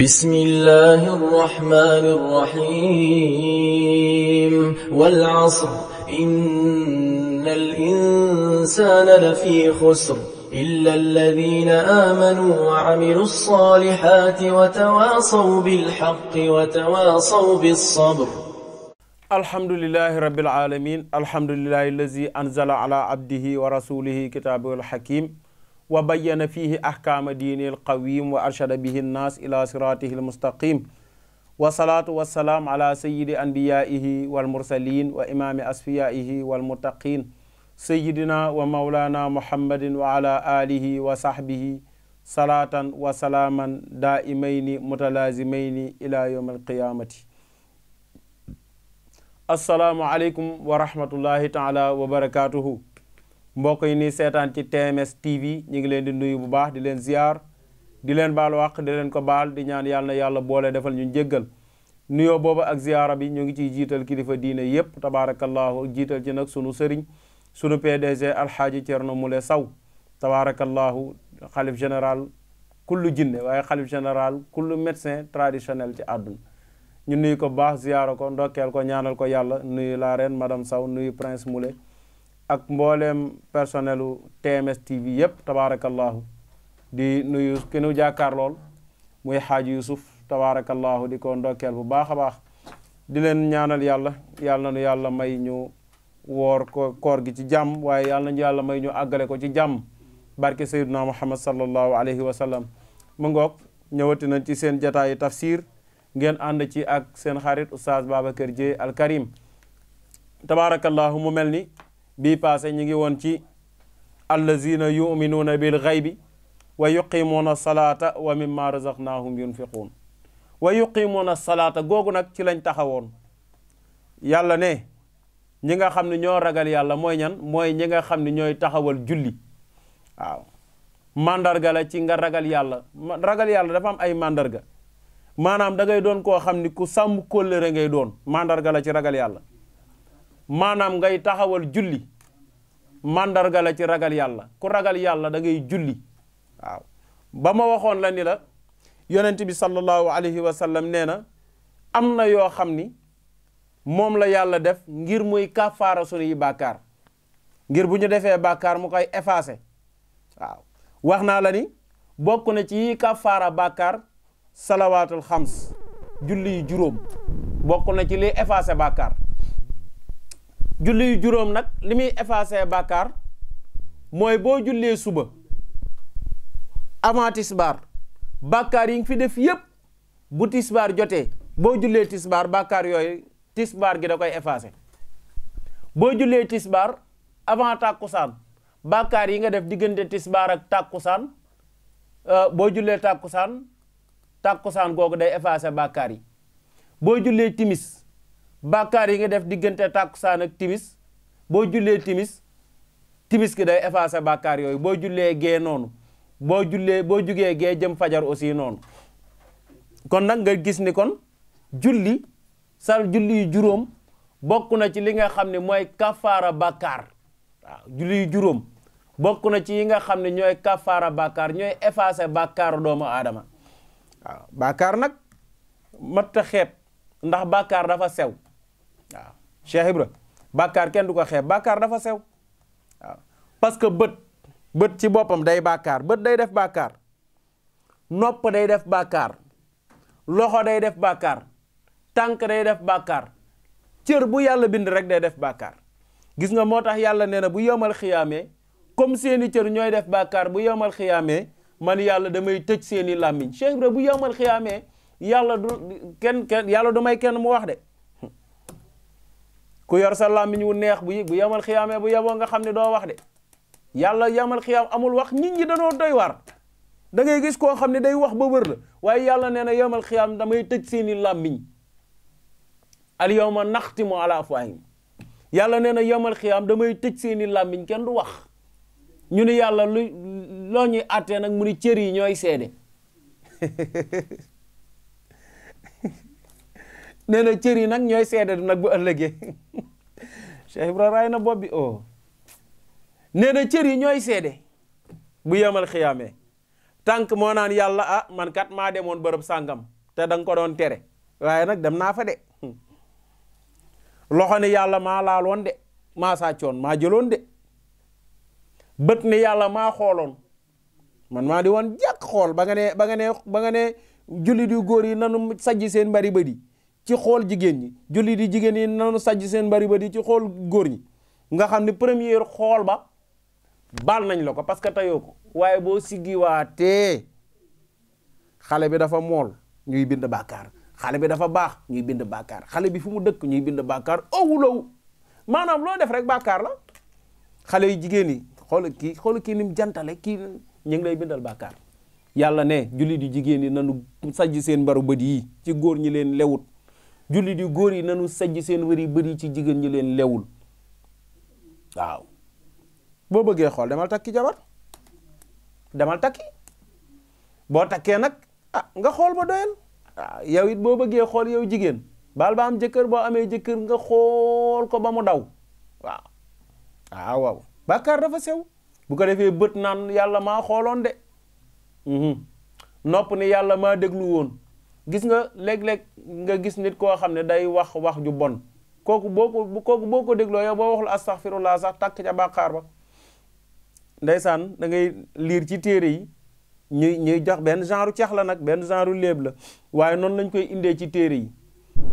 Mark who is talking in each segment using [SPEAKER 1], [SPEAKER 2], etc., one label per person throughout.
[SPEAKER 1] بسم الله الرحمن الرحيم والعصر إن الإنسان لفي خسر إلا الذين آمنوا وعملوا الصالحات وتواصوا بالحق وتواصوا بالصبر الحمد لله رب العالمين الحمد لله الذي أنزل على عبده ورسوله كتابه الحكيم wa bayyana fiihi ahkaama diini alqawim wa arshada bihi annaas ila siratihi almustaqim wasalaatu wasalaam ala sayidi anbiyaihi walmursalin wa imaami asfiyaihi walmuttaqin sayidina wa maulana muhammadin wa ala alihi wa sahbihi salaatan wa salaaman daaimayni mutalazimayni ila yowm alqiyamati assalaamu aleykum wa rahmatullahi taala wa barakatuhu mbokk yi nii seetaan ci TMS TV ñu ngi leen di nuyu bu baax di leen ziar di leen baal wàq di leen ko baal di ñaan yàlla yàlla boole defal ñu jéggal nuyoo boobu ak ziara bi ñu ngi ciy jiital kilifa diine yépp tabaarakallaahu jiital ci nag sunu sëriñ sunu PDG alxaaji Thierno Moule saw tabaarakallaahu xalif général kullu jinne waaye xalif général kullu médecin traditionnel ci àdduna ñu nuyu ko baax ziara ko ndokkeel ko ñaanal ko yàlla nuyu la reine madame Sow nuyu prince Moule ak mbooleem personnelu TMS TV yëpp tabaarakallaahu di nuyu ki nu jàkkaar lool muy xaaji Yusuf tabaarakallaahu di ko ndokkeel bu baax a baax di leen ñaanal yàlla yàlla nu yàlla may ñu woor ko koor gi ci jàmm waaye yàlla nañu yàlla may ñu àggale ko ci jàmm barke sayyiduna muhammad sallallahu alayhi wa sallam mu ngoog ñëwati nañ ci seen jataayu tafsir ngeen ànd ci ak seen xarit oustaz Babacar Dieye al Karim tabaarakallaahu mu mel ni bi passé ñu ngi woon ci allazina yuminuuna bil xaybi wa yuqimuuna salaata wa mimma razaqnaahum yunfiquun wa yuqimuuna salaata googu nag ci lañ taxawoon yàlla ne ñi nga xam ne ñoo ragal yàlla mooy ñan mooy ñi nga xam ne ñooy taxawal julli waaw mandarga la ci nga ragal yàlla ragal yàlla dafa am ay màndarga maanaam da doon koo xam ni ku sàmm kóllëre ngay doon màndarga la ci ragal yàlla maanaam ngay taxawal julli màndarga la ci ragal yàlla ku ragal yàlla da ngay julli waaw ba ma waxoon la ni la yonent bi sallallahu alayhi wa sallam nee na am na yoo xam ni moom la yàlla def ngir muy kafaara sunuy bàkkaar ngir bu ñu defee bàkkaar mu koy effacé waaw wax naa la ni bokk na ci yi kafaara bàkkaar salawaatul xams julli juróom bokk na ci liy effacé bàkkaar julli juróom nag li muy effacé bàkkaar mooy boo jullee suba avant tisbaar bàkkaar yi nga fi def yëpp bu tisbaar jotee boo jullee tisbaar bàkkaar yooy tisbaar gi da koy effacé boo jullee tisbaar avant tàkkusaan bàkkaar yi nga def diggante tisbaar ak euh, boo jullee tàkkusaan takkusaan googu day effacé bàkkaar yi boo jullee timis bàkkaar yi nga def diggante tàkkusaan ak timis boo jullee timis timis ki day effacé bàkkaar yooyu boo jullee gee noonu boo jullee boo jugee gee jëm fajar aussi noonu kon nag nga gis ni kon julli sal julli juróom bokk na ci li nga xam ne mooy kafaara bàkkaar waaw juróom bokk na ci yi nga xam ne ñooy kafaara bàkkaar ñooy effacé bàkkaaru doomu aadama waaw bàkkaar nag mat a ndax bàkkaar dafa sew waaw Cheikh Ibra bàkkaar kenn du ko xeeb bàkkaar dafa sew waaw parce que bët bët ci boppam day bàkkaar bët day def bàkkaar nopp day def bàkkaar loxo day def bàkkaar tànk day def bàkkaar cër bu yàlla bind rek day def bàkkaar gis nga moo tax yàlla nee na bu yomal xiyaamee comme seeni cër ñooy def bàkkaar bu yomal xiyaamee man yàlla damay tëj seeni làmmiñ Cheikh Ibra bu yomal xiyaamee yàlla du kenn kenn yàlla du may kenn mu wax de ku yor sa làmmiñ wu neex bu bu yamal xiyaamee bu yeboo nga xam ne doo wax de yàlla yamal xiyaam amul wax nit ñi danoo doy waar da ngay gis koo xam ne day wax ba wër la waaye yàlla nee na yamal xiyaam damay tëj seeni làmmiñ al yawma naxtimu ala afwaahim yàlla nee na yamal xiyaam damay tëj seeni làmmiñ kenn du wax ñu ne yàlla lu loo ñuy àttee nag mu ni cër yi ñooy seede nee na cër yi nag ñooy seede nag bu ëllëgee Cheikh Ibra raay na bopp bi oh nee na cër yi ñooy seede bu yemal xiyaamee tànk moo naan yàlla a ah, man kat maa demoon bërëb sàngam te da ko doon tere waaye nag dem naa fa de loxo ne yàlla maa laaloon de maa sàccoon maa joloon de bët ne yàlla maa xooloon man maa di woon jàkk xool ba nga ne ba nga ne ba nga ne jullit yu góor yi nanu sajji seen mbari bëdi ci xool jigéen ñi jullit yi jigéen yi nanu sajj seen mbari ba di ci xool góor ñi nga xam ne première xool ba baal nañ la ko parce que tayoo ko waaye boo siggiwaatee xale bi dafa mool ñuy bind bàkkaar xale bi dafa baax ñuy bind bàkkaar xale bi fu mu dëkk ñuy bind bàkkaar owulowu maanaam loo def rek bàkkaar la xale yu jigéen yi xool kii xool kii ni jantale ki ñu ngi lay bindal bàkkaar yàlla ne jullit yu jigéen yi nanu sajj seen mbaru bët yi ci góor ñi leen lewut jullit yu góor yi nanu sajj seen wër yi bëri ci jigéen ñi leen lewul waaw boo bëggee xool demal takki jabar demal takki boo takkee nag ah nga xool ba doyal ah, yow it boo bëggee xool yow jigéen baal ba am jëkkër boo amee jëkkër nga xool ko ba mu daw waaw waaw ah, waaw bàkkaar dafa sew bu ko defee bët naan yàlla maa xooloon de mhm. nopp ni yàlla maa déglu woon gis nga léeg-léeg nga gis nit koo xam ne day wax wax ju bon kooku boo ko kooku boo ko dégloo yow boo waxul astaghfirullah sax tàkk ca bàkkaar ba ndeysaan da ngay liir ci téere yi ñuy ñuy jox benn genre ceex la nag benn genre léeb la waaye noonu lañ koy indee ci téere yi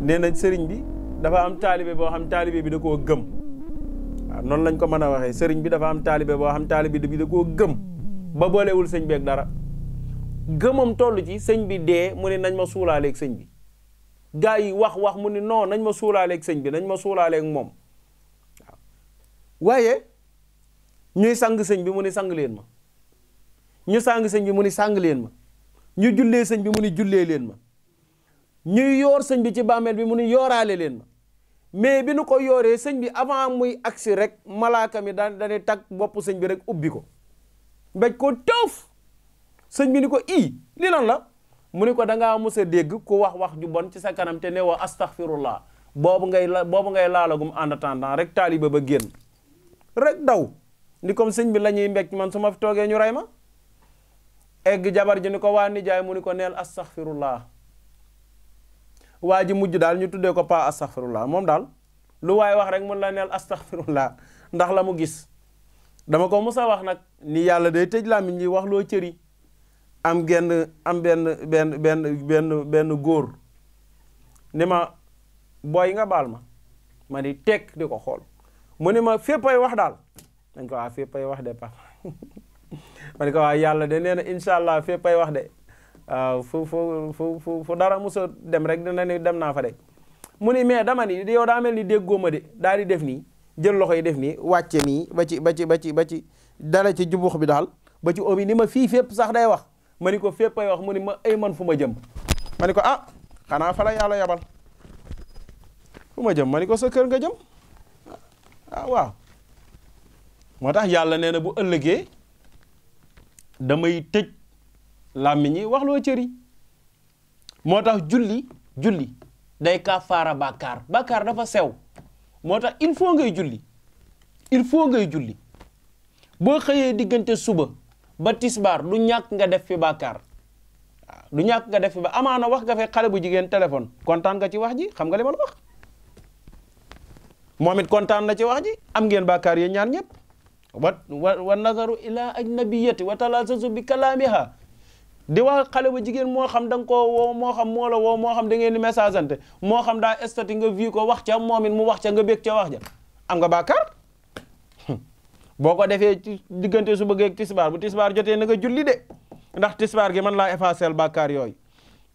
[SPEAKER 1] nee na sëriñ bi dafa am taalibe boo xam taalibe bi da koo gëm noonu lañ ko mën a waxee sëriñ bi dafa am taalibe boo xam taalibe bi da koo gëm ba boolewul sëñ beeg dara gëmam toll ci sëñ bi dee mu ne nañ ma suulaaleeg sëñ bi gaa yi wax wax mu ne non nañ ma suulaaleeg sëñ bi nañ ma suulaaleeg moom waaw waaye ñuy sang sëñ bi mu ne sang leen ma ñu sang sëñ bi mu ne sang leen ma ñu jullee sëñ bi mu ne jullee leen ma ñuy yoor sëñ bi ci bàmmeel bi mu ni yooraale leen ma mais bi nu ko yooree sëñ bi avant muy agsi rek malaaka mi daan dane tag bopp sëñ bi rek ubbi ko mbéj ko tëf sëñ bi ni ko ii li la mu ni ko danga ngaa dégg ku wax wax ju bon ci sa kanam te ne wa astaghfirullah boobu ngay la boobu ngay laalagum en attendant rek taaliba ba génn rek daw ni comme sëñ bi la ñuy mbéj man suma ma toogee ñu rey ma egg jabar ji ni ko waa nijaay mu ni ko neel astaghfirullah waa ji mujj daal ñu tuddee ko pas astaghfirullah moom daal lu waaye wax rek mun la neel astaghfirullah ndax la mu gis dama ko mës wax nag ni yàlla day tëj làmmiñ yi wax loo cëri am genn am benn benn benn benn benn góor ni ma booy nga baal ma ma ni tekk di ko xool mu ni ma fépp ay wax daal dañ ko waa ah, wax de papa ah, yàlla de nee na incha allah fépp ay wax de waaw ah, fu fu fu fu dara musa dem rek na ni dem naa fa de mu ni mais dama ni yow daa mel ni déggoo ma de daal di def nii jël loxo yi def nii wàcce nii ba ci ba ci ba ci ba ci dara ci jubux bi daal ba ci omi ni ma fii fépp sax day wax ma ni ko fépp ay wax mu ni ma ay man fu ma jëm ma ni ko ah xanaa fa la yabal fu ma jëm ma ni ko sa kër nga jëm ah waaw moo tax yàlla nee na bu ëllëgee damay tëj làmmiñ yi wax loo cër moo tax julli julli day kafaara bàkkaar bàkkaar dafa sew moo tax il faut ngay julli il faut ngay julli boo xëyee diggante suba ba tisbaar du ñàkk nga def fi bàkkaar du ñàkk nga def fi ba amaana wax nga fi xale bu jigéen téléphone kontaan nga ci wax ji xam nga li ma wax moom it kontaan na ci wax ji am ngeen bàkkaar yéen ñaan ñëpp wa wa nazaru ila ajnabiyati wa talaasusu bi kalaamiha di wax xale bu jigéen moo xam da nga koo woo moo xam moo la woo moo xam da ngeen di message ante moo xam daa estati nga vi ko wax ca moom it mu wax ca nga bég ca wax ja am nga boo ko defee ci diggante su bëggee ak tisbaar bu tisbaar jotee na nga julli de ndax tisbaar gi man laa effacer bàkkaar yooyu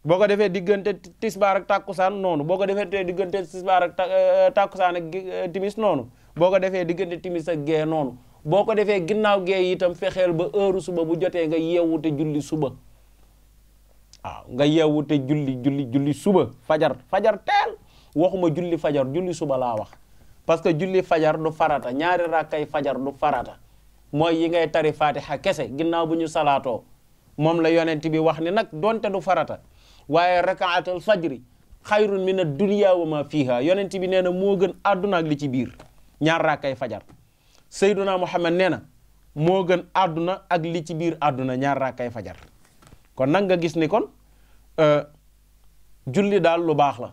[SPEAKER 1] boo ko defee diggante tisbaar ak tàkkusaan noonu boo ko defee tee diggante tisbaar ak eh, tàkkusaan ak eh, timis noonu boo ko defee diggante timis ak gee noonu boo ko defee ginnaaw gee itam fexeel ba heure suba bu jotee nga yeewu te julli suba waaw nga yeewu te julli julli julli suba fajar fajar teel waxuma julli fajar julli suba laa wax parce que julli fajar du farata ñaari rakkay fajar du farata mooy yi ngay tari fatiha kese ginnaaw bu ñu salaatoo moom la yonent bi wax ni nag donte du farata waaye rakaatul fajri xayrun min ad-dunya wa ma fiha yonent bi nee na moo gën àdduna ak li ci biir ñaar rakkay fajar sayduna muhammad nee na moo gën àdduna ak li ci biir àdduna ñaar rakkay fajar kon nag nga gis ni kon euh, julli daal lu baax la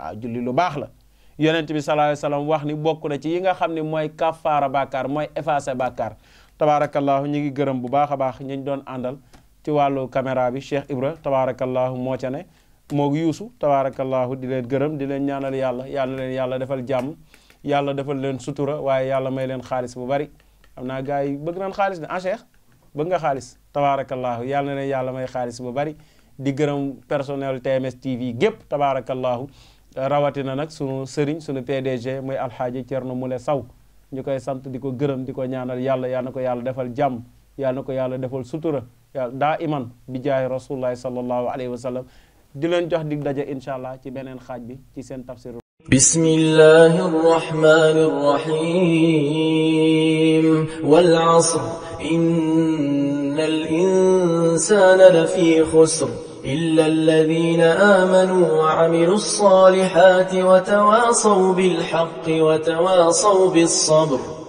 [SPEAKER 1] waaw julli lu baax la yonent bi sallallahu alayhi wasallam wax ni bokk na ci yi nga xam ne mooy kafaara bàkkaar mooy effacé bàkkaar tabaarakallaahu ñu ngi gërëm bu baax a baax ñu doon àndal ci wàllu caméra bi Cheikh Ibra tabaarakallaahu moo ca ne moog yuusu tabaarakallaahu di leen gërëm di leen ñaanal yàlla yàlla leen yàlla defal jàmm yàlla defal leen sutura waaye yàlla may leen xaalis bu bari am naa gars yi bëgg naan xaalis de ah Cheikh bëgg nga xaalis tabaarakallaahu yàlla na leen yàlla may xaalis bu bari di gërëm personnel TMS TV gépp tabaarakallaahu rawatina nag sunu sëriñ sunu PDG muy alxaaji Thierno Moule Sow ñu koy sant di ko gërëm di ko ñaanal yàlla yàlla na ko yàlla defal jàmm yàlla ko yàlla defal sutura daa iman bi jaay rasulullahi sallallahu alayhi wa sallam di leen jox dig daje incha allah ci beneen xaaj bi ci seen tafsir bismillahi arrahmani arrahim wal asr inna al insana lafi xusr إلا الذين آمنوا وعملوا الصالحات وتواصوا بالحق وتواصوا بالصبر